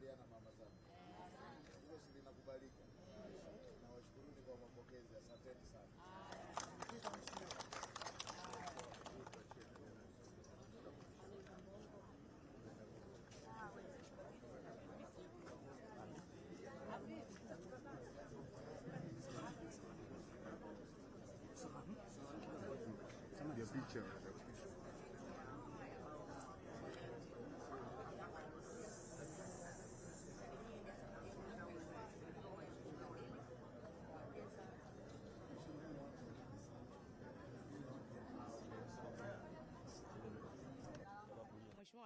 niliowalia na mama zangu, hilo si linakubalika. Nawashukuruni kwa mapokezi, asanteni sana.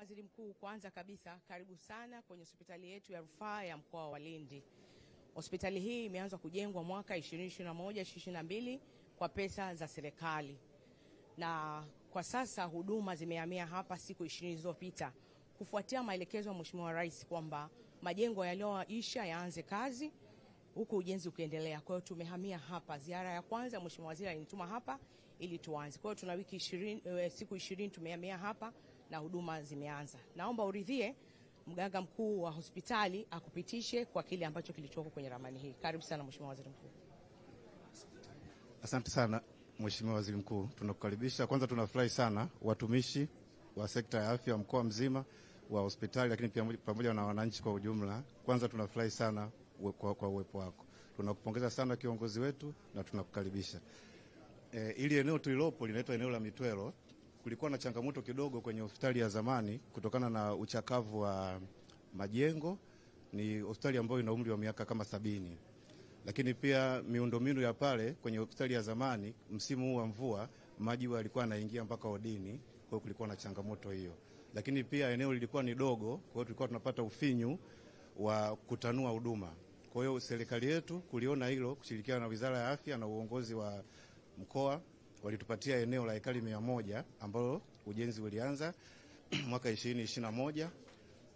Waziri Mkuu, kwanza kabisa karibu sana kwenye hospitali yetu ya rufaa ya mkoa wa Lindi. Hospitali hii imeanza kujengwa mwaka 2021 2022 kwa pesa za serikali, na kwa sasa huduma zimehamia hapa siku ishirini zilizopita kufuatia maelekezo ya Mheshimiwa Rais kwamba majengo yaliyoisha yaanze kazi huku ujenzi ukiendelea. Kwa hiyo tumehamia hapa. Ziara ya kwanza Mheshimiwa Waziri alinituma hapa ili tuanze. Kwa hiyo tuna wiki 20, eh, siku ishirini tumehamia hapa na huduma zimeanza. Naomba uridhie mganga mkuu wa hospitali akupitishe kwa kile ambacho kilichoko kwenye ramani hii. Karibu sana Mheshimiwa Waziri Mkuu. Asante sana Mheshimiwa Waziri Mkuu, tunakukaribisha. Kwanza tunafurahi sana watumishi wa sekta ya afya mkoa mzima wa hospitali, lakini pia pamoja na wananchi kwa ujumla. Kwanza tunafurahi sana kwa, kwa uwepo wako, tunakupongeza sana kiongozi wetu na tunakukaribisha. E, ili eneo tulilopo linaitwa eneo la Mitwero kulikuwa na changamoto kidogo kwenye hospitali ya zamani kutokana na uchakavu wa majengo. Ni hospitali ambayo ina umri wa miaka kama sabini, lakini pia miundombinu ya pale kwenye hospitali ya zamani, msimu huu wa mvua maji yalikuwa yanaingia mpaka odini, kwa hiyo kulikuwa na changamoto hiyo. Lakini pia eneo lilikuwa ni dogo, kwa hiyo tulikuwa tunapata ufinyu wa kutanua huduma. Kwa hiyo serikali yetu kuliona hilo, kushirikiana na Wizara ya Afya na uongozi wa mkoa walitupatia eneo la ekari mia moja ambalo ujenzi ulianza mwaka ishirini ishirini na moja.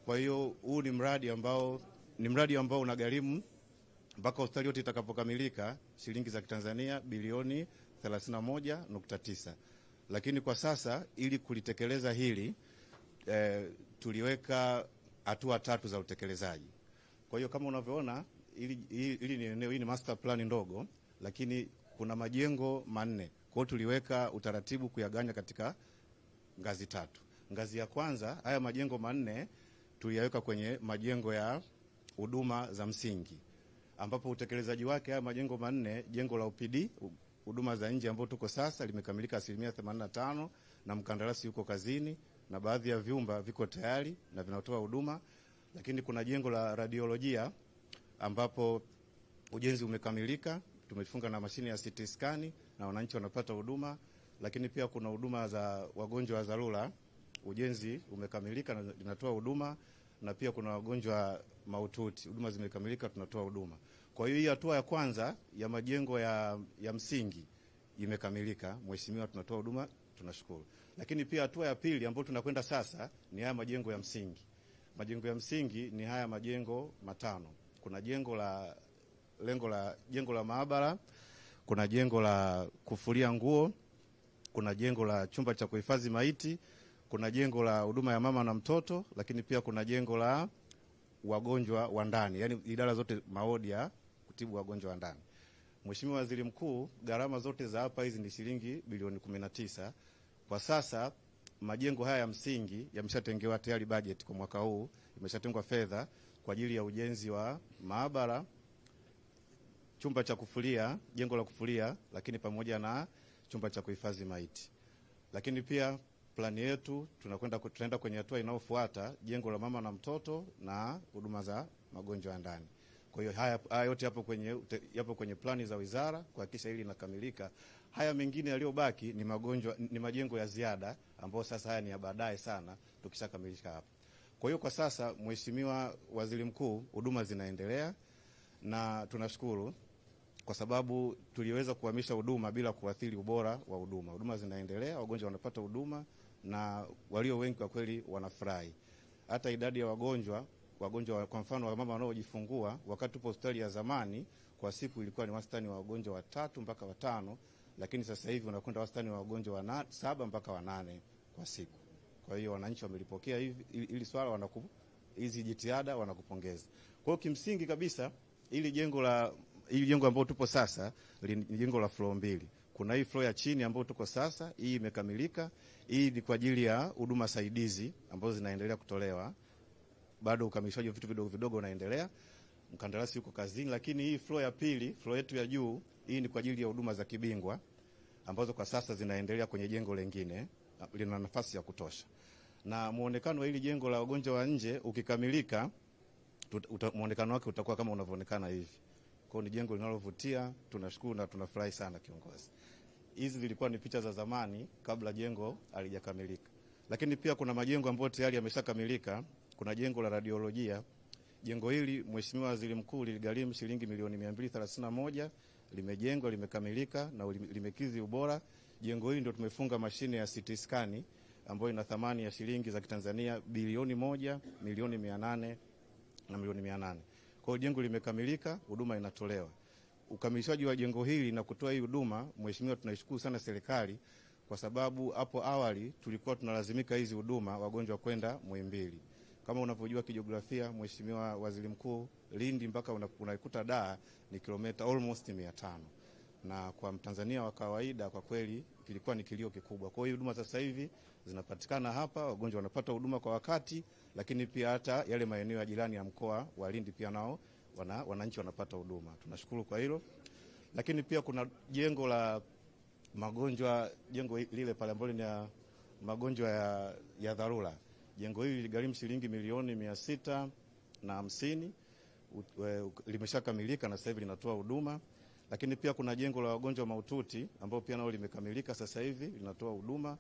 Kwa hiyo huu ni mradi ambao ni mradi ambao unagharimu mpaka hospitali yote itakapokamilika shilingi za Kitanzania bilioni 31.9, lakini kwa sasa ili kulitekeleza hili e, tuliweka hatua tatu za utekelezaji. Kwa hiyo kama unavyoona, hili ni eneo, hii ni master plan ndogo, lakini kuna majengo manne. Kwa hiyo tuliweka utaratibu kuyaganya katika ngazi tatu. Ngazi ya kwanza, haya majengo manne tuliyaweka kwenye majengo ya huduma za msingi, ambapo utekelezaji wake haya majengo manne, jengo la OPD huduma za nje ambayo tuko sasa limekamilika asilimia 85 na mkandarasi yuko kazini na baadhi ya vyumba viko tayari na vinatoa huduma, lakini kuna jengo la radiolojia ambapo ujenzi umekamilika tumefunga na mashine ya CT scan na wananchi wanapata huduma, lakini pia kuna huduma za wagonjwa wa dharura, ujenzi umekamilika na linatoa huduma, na pia kuna wagonjwa mahututi, huduma zimekamilika, tunatoa huduma. Kwa hiyo hii hatua ya kwanza ya majengo ya, ya msingi imekamilika, mheshimiwa, tunatoa huduma, tunashukuru. Lakini pia hatua ya pili ambayo tunakwenda sasa ni haya majengo ya msingi. Majengo ya msingi ni haya majengo matano. Kuna jengo la lengo la jengo la maabara, kuna jengo la kufulia nguo, kuna jengo la chumba cha kuhifadhi maiti, kuna jengo la huduma ya mama na mtoto, lakini pia kuna jengo la wagonjwa wa ndani, yani idara zote maodi ya kutibu wagonjwa wa ndani. Mheshimiwa Waziri Mkuu, gharama zote za hapa hizi ni shilingi bilioni 19. Kwa sasa majengo haya ya msingi yameshatengewa tayari bajeti kwa mwaka huu, imeshatengwa fedha kwa ajili ya ujenzi wa maabara chumba cha kufulia, jengo la kufulia, lakini pamoja na chumba cha kuhifadhi maiti. Lakini pia plani yetu tunakwenda tunaenda kwenye hatua inayofuata, jengo la mama na mtoto na huduma za magonjwa ya ndani. Kwa hiyo haya, haya yote yapo kwenye, yapo kwenye plani za wizara kuhakikisha hili linakamilika. Haya mengine yaliyobaki ni magonjwa, ni majengo ya ziada ambayo sasa haya ni ya baadaye sana tukishakamilisha hapa. Kwa hiyo kwa sasa, Mheshimiwa Waziri Mkuu, huduma zinaendelea na tunashukuru kwa sababu tuliweza kuhamisha huduma bila kuathiri ubora wa huduma. Huduma zinaendelea, wagonjwa wanapata huduma na walio wengi kwa kweli wanafurahi. Hata idadi ya wagonjwa wagonjwa kwa mfano mama wanaojifungua, wakati tupo hospitali ya zamani, kwa siku ilikuwa ni wastani wa wagonjwa watatu mpaka watano, lakini sasa hivi unakwenda wastani wa wagonjwa wa saba mpaka wanane kwa siku. Kwa hiyo wananchi wamelipokea hivi ili swala, wanaku hizi jitihada wanakupongeza. Kwa hiyo kimsingi kabisa ili jengo la hii jengo ambalo tupo sasa ni jengo la floor mbili. Kuna hii floor ya chini ambayo tuko sasa, hii imekamilika. Hii ni kwa ajili ya huduma saidizi ambazo zinaendelea kutolewa, bado ukamilishaji wa vitu vidogo vidogo unaendelea, mkandarasi yuko kazini. Lakini hii floor ya pili, floor yetu ya juu, hii ni kwa ajili ya huduma za kibingwa ambazo kwa sasa zinaendelea kwenye jengo lingine, lina nafasi ya kutosha. Na muonekano wa hili jengo la wagonjwa wa nje ukikamilika, muonekano wake utakuwa kama unavyoonekana hivi kwao ni jengo linalovutia. Tunashukuru na tunafurahi sana kiongozi. Hizi zilikuwa ni picha za zamani kabla jengo halijakamilika, lakini pia kuna majengo ambayo tayari yameshakamilika. Kuna jengo la radiolojia. Jengo hili Mheshimiwa Waziri Mkuu, liligharimu shilingi milioni 231 limejengwa, limekamilika na limekidhi ubora. Jengo hili ndio tumefunga mashine ya CT scan ambayo ina thamani ya shilingi za Kitanzania bilioni moja milioni mia nane na milioni mia nane. Kwa hiyo jengo limekamilika, huduma inatolewa. Ukamilishaji wa jengo hili na kutoa hii huduma, mheshimiwa, tunaishukuru sana serikali kwa sababu hapo awali tulikuwa tunalazimika hizi huduma wagonjwa kwenda Muhimbili. Kama unavyojua kijiografia, Mheshimiwa Waziri Mkuu, Lindi mpaka unaikuta Dar ni kilomita almost mia tano na kwa Mtanzania wa kawaida kwa kweli kilikuwa ni kilio kikubwa. Kwa hiyo huduma sasa hivi zinapatikana hapa, wagonjwa wanapata huduma kwa wakati, lakini pia hata yale maeneo ya jirani ya mkoa wa Lindi pia nao wana, wananchi wanapata huduma. Tunashukuru kwa hilo, lakini pia kuna jengo la magonjwa, jengo lile pale ambalo ni ya magonjwa ya, ya dharura. Jengo hili liligharimu shilingi milioni mia sita na hamsini, e, limeshakamilika na sasa hivi linatoa huduma lakini pia kuna jengo la wagonjwa mahututi ambao pia nao limekamilika sasa hivi linatoa huduma.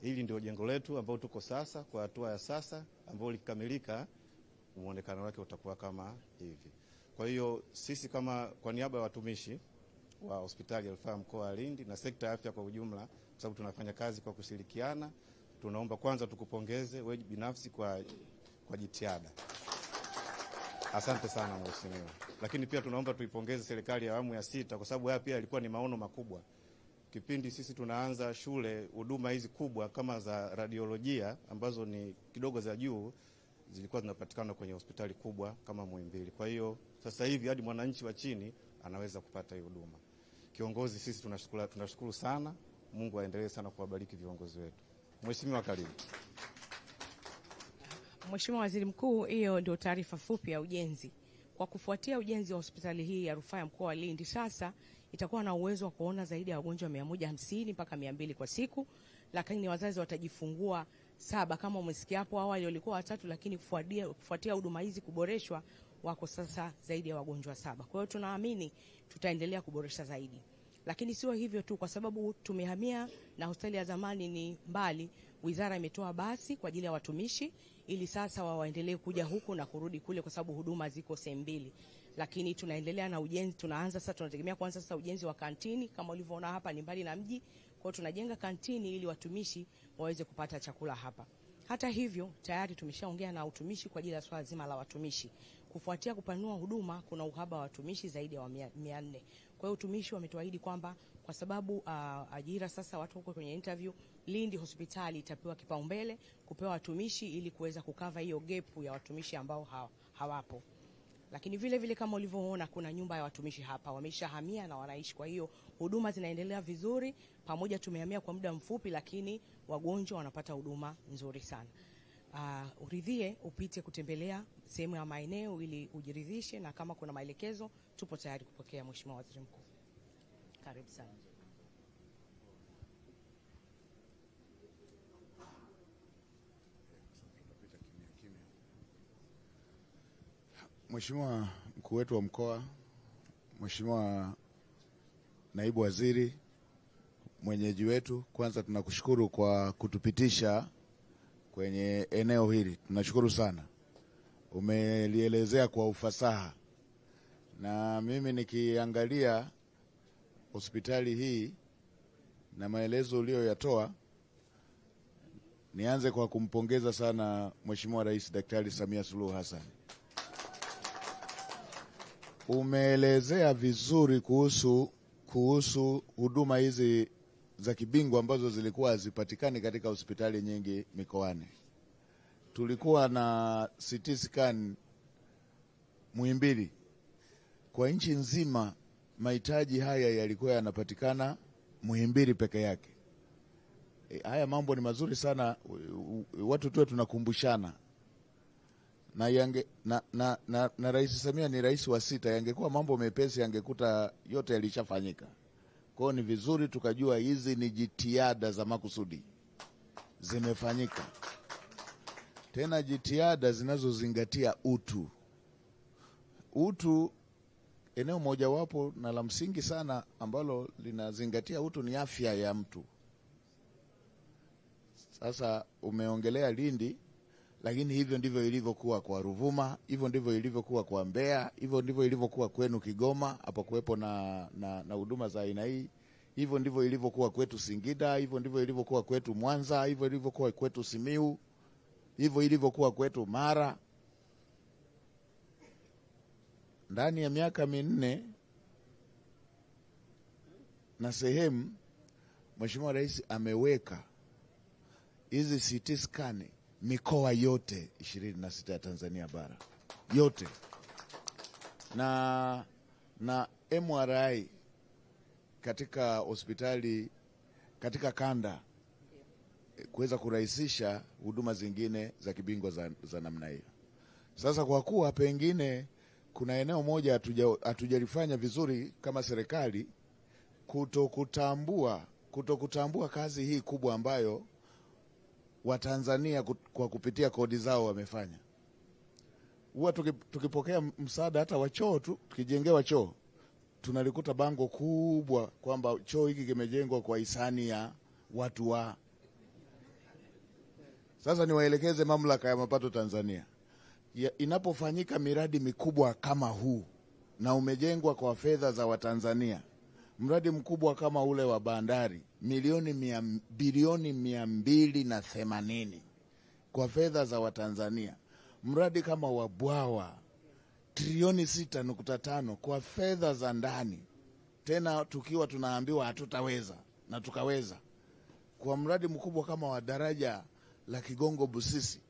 Hili ndio jengo letu ambao tuko sasa kwa hatua ya sasa, ambao likikamilika muonekano wake utakuwa kama hivi. Kwa hiyo sisi kama kwa niaba ya watumishi wa hospitali ya rufaa mkoa wa Lindi na sekta ya afya kwa ujumla, kwa sababu tunafanya kazi kwa kushirikiana, tunaomba kwanza tukupongeze wewe binafsi kwa, kwa jitihada. Asante sana mheshimiwa lakini pia tunaomba tuipongeze serikali ya awamu ya sita kwa sababu haya pia yalikuwa ni maono makubwa. Kipindi sisi tunaanza shule, huduma hizi kubwa kama za radiolojia ambazo ni kidogo za juu zilikuwa zinapatikana kwenye hospitali kubwa kama Muhimbili. Kwa hiyo sasa hivi hadi mwananchi wa chini anaweza kupata hii huduma. Kiongozi, sisi tunashukuru, tunashukuru sana. Mungu aendelee sana kuwabariki viongozi wetu. Mheshimiwa, karibu. Mheshimiwa Waziri Mkuu, hiyo ndio taarifa fupi ya ujenzi. Kwa kufuatia ujenzi wa hospitali hii ya rufaa ya mkoa wa Lindi, sasa itakuwa na uwezo wa kuona zaidi ya wagonjwa 150 mpaka 200 kwa siku, lakini wazazi watajifungua saba. Kama umesikia hapo awali walikuwa watatu, lakini kufuatia huduma hizi kuboreshwa wako sasa zaidi ya wagonjwa saba. Kwa hiyo tunaamini tutaendelea kuboresha zaidi, lakini sio hivyo tu, kwa sababu tumehamia na hospitali ya zamani ni mbali. Wizara imetoa basi kwa ajili ya watumishi ili sasa waendelee kuja huku na kurudi kule, kwa sababu huduma ziko sehemu mbili. Lakini tunaendelea na ujenzi, tunaanza sasa, tunategemea kuanza sasa ujenzi wa kantini. Kama ulivyoona hapa ni mbali na mji, kwa tunajenga kantini ili watumishi waweze kupata chakula hapa. Hata hivyo tayari tumeshaongea na utumishi kwa ajili ya swala zima la watumishi. Kufuatia kupanua huduma, kuna uhaba wa watumishi zaidi ya wa mia Kwa hiyo utumishi wametuahidi kwamba kwa sababu uh, ajira sasa, watu huko kwenye interview Lindi hospitali itapewa kipaumbele kupewa watumishi ili kuweza kukava hiyo gepu ya watumishi ambao hawapo. Lakini vile vile kama ulivyoona kuna nyumba ya watumishi hapa wameshahamia na wanaishi, kwa hiyo huduma zinaendelea vizuri. Pamoja tumehamia kwa muda mfupi, lakini wagonjwa wanapata huduma nzuri sana. Uh, uridhie upite kutembelea sehemu ya maeneo ili ujiridhishe, na kama kuna maelekezo tupo tayari kupokea. Mheshimiwa Waziri Mkuu, karibu sana. Mheshimiwa mkuu wetu wa mkoa, Mheshimiwa naibu waziri, mwenyeji wetu, kwanza tunakushukuru kwa kutupitisha kwenye eneo hili, tunashukuru sana. Umelielezea kwa ufasaha, na mimi nikiangalia hospitali hii na maelezo uliyoyatoa, nianze kwa kumpongeza sana Mheshimiwa Rais Daktari Samia Suluhu Hassan umeelezea vizuri kuhusu kuhusu huduma hizi za kibingwa ambazo zilikuwa hazipatikani katika hospitali nyingi mikoani. Tulikuwa na CT scan Muhimbili. Kwa nchi nzima, mahitaji haya yalikuwa yanapatikana Muhimbili peke yake. E, haya mambo ni mazuri sana, watu tuwe tunakumbushana na, yange, na, na, na, na Rais Samia ni rais wa sita. Yangekuwa mambo mepesi, yangekuta yote yalishafanyika. Kwa hiyo ni vizuri tukajua hizi ni jitihada za makusudi zimefanyika, tena jitihada zinazozingatia utu. Utu eneo mojawapo na la msingi sana ambalo linazingatia utu ni afya ya mtu. Sasa umeongelea Lindi lakini hivyo ndivyo ilivyokuwa kwa Ruvuma, hivyo ndivyo ilivyokuwa kwa Mbeya, hivyo ndivyo ilivyokuwa kwenu Kigoma, hapo kuwepo na na huduma za aina hii. Hivyo ndivyo ilivyokuwa kwetu Singida, hivyo ndivyo ilivyokuwa kwetu Mwanza, hivyo ilivyokuwa kwetu Simiu, hivyo ilivyokuwa kwetu Mara. Ndani ya miaka minne na sehemu, Mheshimiwa Rais ameweka hizi CT scan mikoa yote 26 ya Tanzania bara yote, na na MRI katika hospitali katika kanda kuweza kurahisisha huduma zingine za kibingwa za, za namna hiyo. Sasa kwa kuwa pengine kuna eneo moja hatujalifanya vizuri kama serikali, kutokutambua kutokutambua kazi hii kubwa ambayo Watanzania kwa kupitia kodi zao wamefanya. Huwa tukipokea msaada hata wa choo tu, tukijengewa choo tunalikuta bango kubwa kwamba choo hiki kimejengwa kwa hisani ya watu wa. Sasa niwaelekeze mamlaka ya mapato Tanzania, inapofanyika miradi mikubwa kama huu na umejengwa kwa fedha za Watanzania mradi mkubwa kama ule wa bandari milioni mia, bilioni mia mbili na themanini kwa fedha za Watanzania, mradi kama wa bwawa trilioni sita nukta tano kwa fedha za ndani, tena tukiwa tunaambiwa hatutaweza na tukaweza. Kwa mradi mkubwa kama wa daraja la Kigongo Busisi,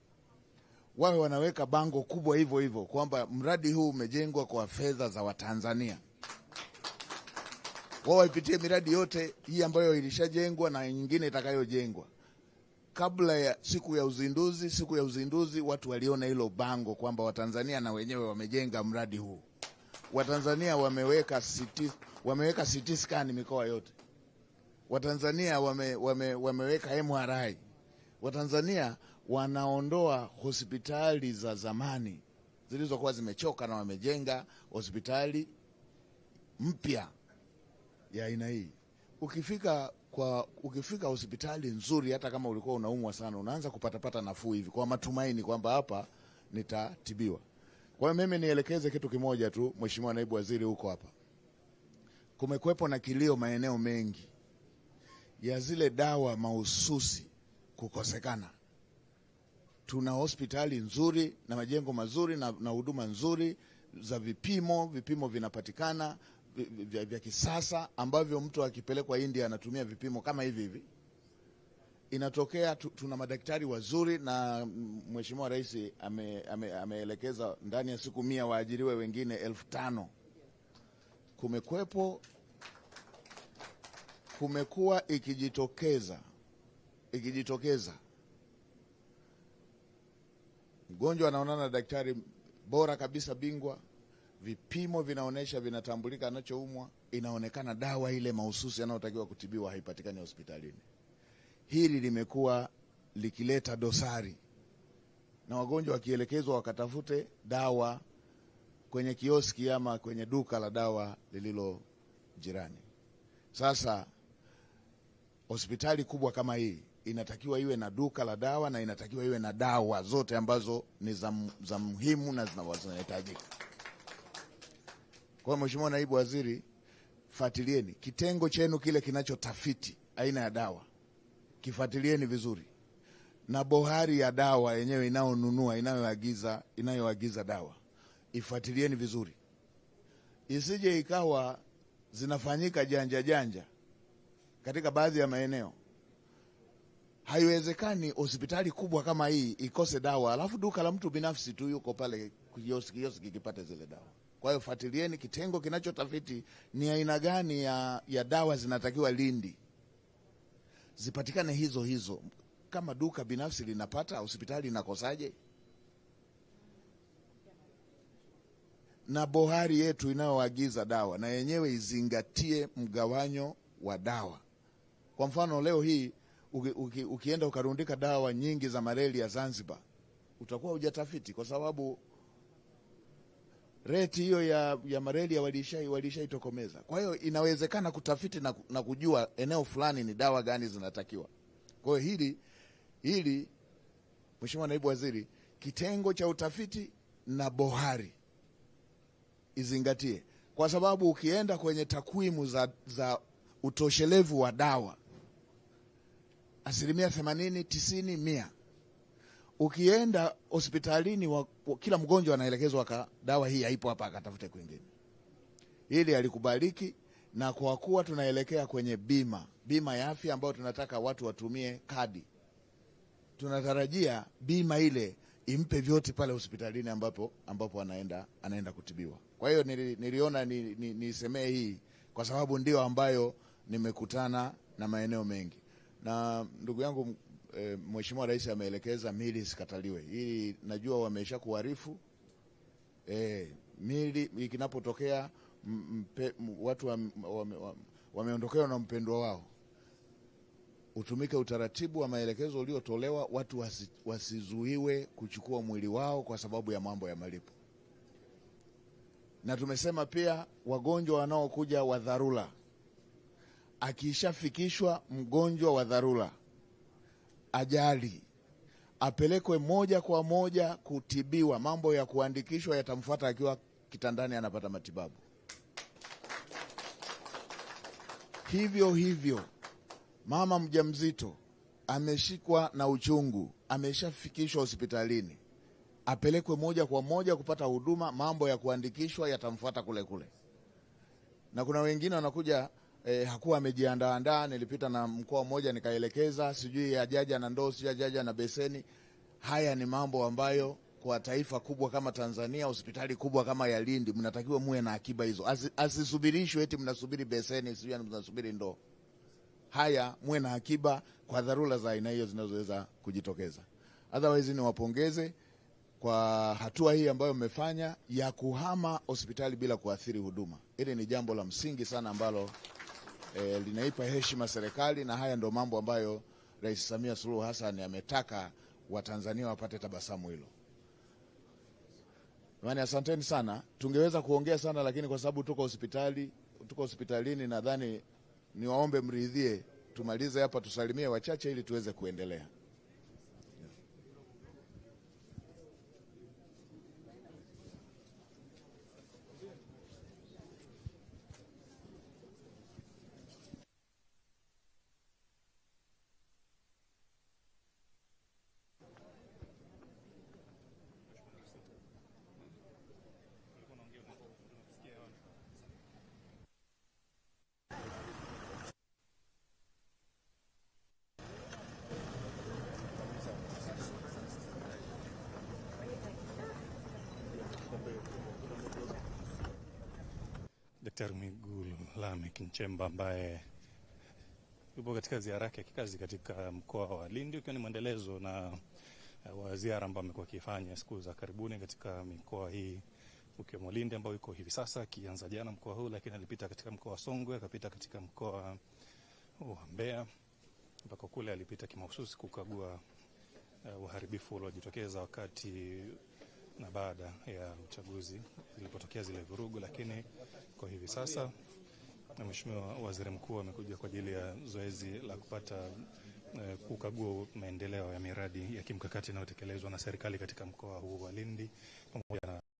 wawe wanaweka bango kubwa hivyo hivyo kwamba mradi huu umejengwa kwa fedha za Watanzania wao waipitie miradi yote hii ambayo ilishajengwa na nyingine itakayojengwa kabla ya siku ya uzinduzi. Siku ya uzinduzi watu waliona hilo bango kwamba Watanzania na wenyewe wamejenga mradi huu. Watanzania wameweka CT, wameweka CT scan mikoa yote. Watanzania wame, wame, wameweka MRI. Watanzania wanaondoa hospitali za zamani zilizokuwa zimechoka na wamejenga hospitali mpya ya aina hii ukifika kwa ukifika hospitali nzuri, hata kama ulikuwa unaumwa sana, unaanza kupatapata nafuu hivi, kwa matumaini kwamba hapa nitatibiwa. Kwa hiyo mimi nielekeze kitu kimoja tu, Mheshimiwa Naibu Waziri, huko hapa kumekwepo na kilio maeneo mengi ya zile dawa mahususi kukosekana. Tuna hospitali nzuri na majengo mazuri na huduma nzuri za vipimo, vipimo vinapatikana vya, vya kisasa ambavyo mtu akipelekwa India anatumia vipimo kama hivi hivi. Inatokea tu, tuna madaktari wazuri na Mheshimiwa Rais ame, ame, ameelekeza ndani ya siku mia waajiriwe wengine elfu tano. Kumekwepo, kumekuwa ikijitokeza ikijitokeza mgonjwa anaonana na daktari bora kabisa bingwa vipimo vinaonyesha, vinatambulika anachoumwa, inaonekana dawa ile mahususi anayotakiwa kutibiwa haipatikani hospitalini. Hili limekuwa likileta dosari, na wagonjwa wakielekezwa wakatafute dawa kwenye kioski ama kwenye duka la dawa lililo jirani. Sasa hospitali kubwa kama hii inatakiwa iwe na duka la dawa na inatakiwa iwe na dawa zote ambazo ni za muhimu na zinahitajika. Kwa hiyo Mheshimiwa Naibu Waziri, fuatilieni kitengo chenu kile kinachotafiti aina ya dawa, kifuatilieni vizuri, na bohari ya dawa yenyewe inayonunua, inayoagiza, inayoagiza dawa ifuatilieni vizuri, isije ikawa zinafanyika janja janja katika baadhi ya maeneo. Haiwezekani hospitali kubwa kama hii ikose dawa, alafu duka la mtu binafsi tu yuko pale kioski, kioski kipate zile dawa. Kwa hiyo fuatilieni kitengo kinachotafiti ni aina gani ya, ya dawa zinatakiwa Lindi, zipatikane hizo hizo. Kama duka binafsi linapata, hospitali inakosaje? Na bohari yetu inayoagiza dawa na yenyewe izingatie mgawanyo wa dawa. Kwa mfano leo hii uki, uki, ukienda ukarundika dawa nyingi za malaria ya Zanzibar utakuwa hujatafiti kwa sababu reti hiyo ya, ya malaria walishaitokomeza. Kwa hiyo inawezekana kutafiti na, na kujua eneo fulani ni dawa gani zinatakiwa. Kwa hiyo hili hili, Mheshimiwa Naibu Waziri, kitengo cha utafiti na bohari izingatie, kwa sababu ukienda kwenye takwimu za, za utoshelevu wa dawa asilimia 80, 90, 100 ukienda hospitalini wa, wa, kila mgonjwa anaelekezwa ka dawa hii haipo hapa, akatafute kwingine. Hili alikubaliki, na kwa kuwa tunaelekea kwenye bima bima ya afya ambayo tunataka watu watumie kadi, tunatarajia bima ile impe vyote pale hospitalini ambapo ambapo anaenda anaenda kutibiwa. Kwa hiyo niliona nisemee ni, ni hii kwa sababu ndio ambayo nimekutana na maeneo mengi, na ndugu yangu e, Mheshimiwa Rais ameelekeza mili zikataliwe, ili najua wamesha kuharifu e, eh, mili ikinapotokea watu wameondokewa wame, wame na mpendwa wao utumike utaratibu wa maelekezo uliotolewa, watu wasi, wasizuiwe kuchukua mwili wao kwa sababu ya mambo ya malipo. Na tumesema pia wagonjwa wanaokuja wa dharura, akishafikishwa mgonjwa wa dharura ajali apelekwe moja kwa moja kutibiwa. Mambo ya kuandikishwa yatamfuata akiwa kitandani, anapata matibabu. Hivyo hivyo mama mjamzito ameshikwa na uchungu, ameshafikishwa hospitalini, apelekwe moja kwa moja kupata huduma. Mambo ya kuandikishwa yatamfuata kule kule, na kuna wengine wanakuja e, hakuwa amejiandaandaa. Nilipita na mkoa mmoja nikaelekeza, sijui ya jaja na ndoo, sijui jaja na beseni. Haya ni mambo ambayo kwa taifa kubwa kama Tanzania, hospitali kubwa kama ya Lindi, mnatakiwa muwe na akiba hizo, asisubirishwe eti mnasubiri beseni, sijui mnasubiri ndoo. Haya, muwe na akiba kwa dharura za aina hiyo zinazoweza kujitokeza. Otherwise niwapongeze kwa hatua hii ambayo mmefanya ya kuhama hospitali bila kuathiri huduma. Hili ni jambo la msingi sana ambalo e, linaipa heshima serikali, na haya ndio mambo ambayo Rais Samia Suluhu Hassan ametaka Watanzania wapate tabasamu hilo. Jamani, asanteni sana. Tungeweza kuongea sana, lakini kwa sababu tuko hospitali, tuko hospitalini, nadhani niwaombe mridhie tumalize hapa, tusalimie wachache ili tuweze kuendelea. Daktari Mwigulu Lameck Nchemba ambaye yupo katika ziara yake ya kikazi katika mkoa wa Lindi ukiwa ni mwendelezo na uh, wa ziara ambayo amekuwa akifanya siku za karibuni katika mikoa hii ukiwemo Lindi ambayo iko hivi sasa, akianza jana mkoa huu, lakini alipita katika mkoa wa Songwe, akapita katika mkoa wa Mbeya, mpaka kule alipita kimahususi kukagua uh, uharibifu uliojitokeza wakati na baada ya uchaguzi zilipotokea zile vurugu, lakini kwa hivi sasa na Mheshimiwa Waziri Mkuu amekuja kwa ajili ya zoezi la kupata eh, kukagua maendeleo ya miradi ya kimkakati inayotekelezwa na serikali katika mkoa huu wa Lindi pamoja na